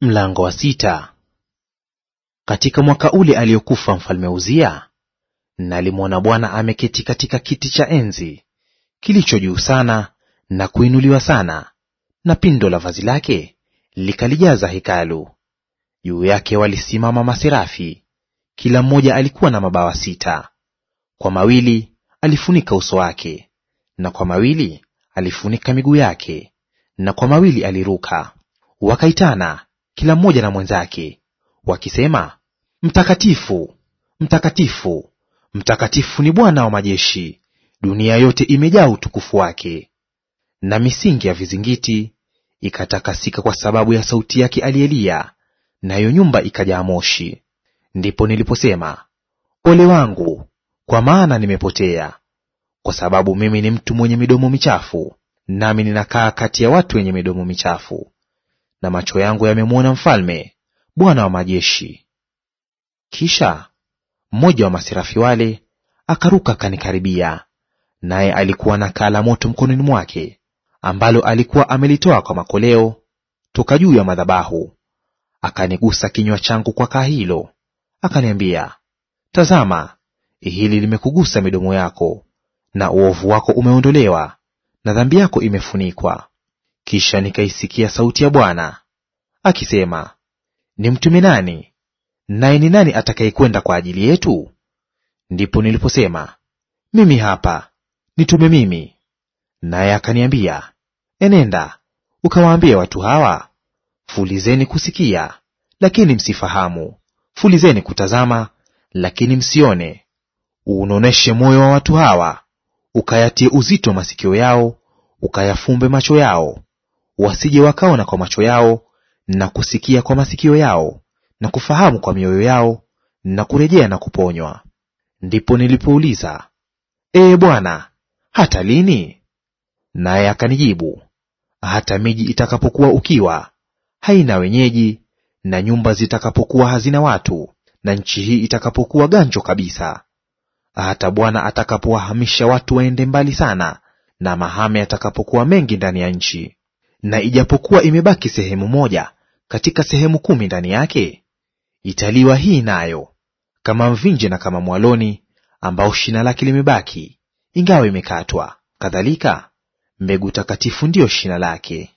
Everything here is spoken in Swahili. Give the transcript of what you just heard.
Mlango wa sita. Katika mwaka ule aliyokufa mfalme Uzia, nalimwona Bwana ameketi katika kiti cha enzi kilicho juu sana na kuinuliwa sana, na pindo la vazi lake likalijaza hekalu. Juu yake walisimama maserafi, kila mmoja alikuwa na mabawa sita. Kwa mawili alifunika uso wake, na kwa mawili alifunika miguu yake, na kwa mawili aliruka. Wakaitana kila mmoja na mwenzake, wakisema, Mtakatifu, mtakatifu, mtakatifu ni Bwana wa majeshi; dunia yote imejaa utukufu wake. Na misingi ya vizingiti ikatakasika kwa sababu ya sauti yake aliyelia, nayo nyumba ikajaa moshi. Ndipo niliposema, ole wangu, kwa maana nimepotea, kwa sababu mimi ni mtu mwenye midomo michafu, nami ninakaa kati ya watu wenye midomo michafu na macho yangu yamemwona mfalme, Bwana wa majeshi. Kisha mmoja wa masirafi wale akaruka akanikaribia, naye alikuwa na kala moto mkononi mwake, ambalo alikuwa amelitoa kwa makoleo toka juu ya madhabahu. Akanigusa kinywa changu kwa kaa hilo, akaniambia, Tazama, hili limekugusa midomo yako, na uovu wako umeondolewa, na dhambi yako imefunikwa. Kisha nikaisikia sauti ya Bwana akisema, nimtume nani? Naye ni nani atakayekwenda kwa ajili yetu? Ndipo niliposema, mimi hapa, nitume mimi. Naye akaniambia, enenda ukawaambie watu hawa, fulizeni kusikia lakini msifahamu, fulizeni kutazama lakini msione, uunoneshe moyo wa watu hawa, ukayatie uzito masikio yao, ukayafumbe macho yao, wasije wakaona kwa macho yao na kusikia kwa masikio yao na kufahamu kwa mioyo yao na kurejea na kuponywa. Ndipo nilipouliza, Ee Bwana, hata lini? Naye akanijibu, hata miji itakapokuwa ukiwa haina wenyeji, na nyumba zitakapokuwa hazina watu, na nchi hii itakapokuwa ganjo kabisa, hata Bwana atakapowahamisha watu waende mbali sana, na mahame yatakapokuwa mengi ndani ya nchi na ijapokuwa imebaki sehemu moja katika sehemu kumi ndani yake, italiwa hii nayo kama mvinje na kama mwaloni ambao shina lake limebaki, ingawa imekatwa; kadhalika mbegu takatifu ndiyo shina lake.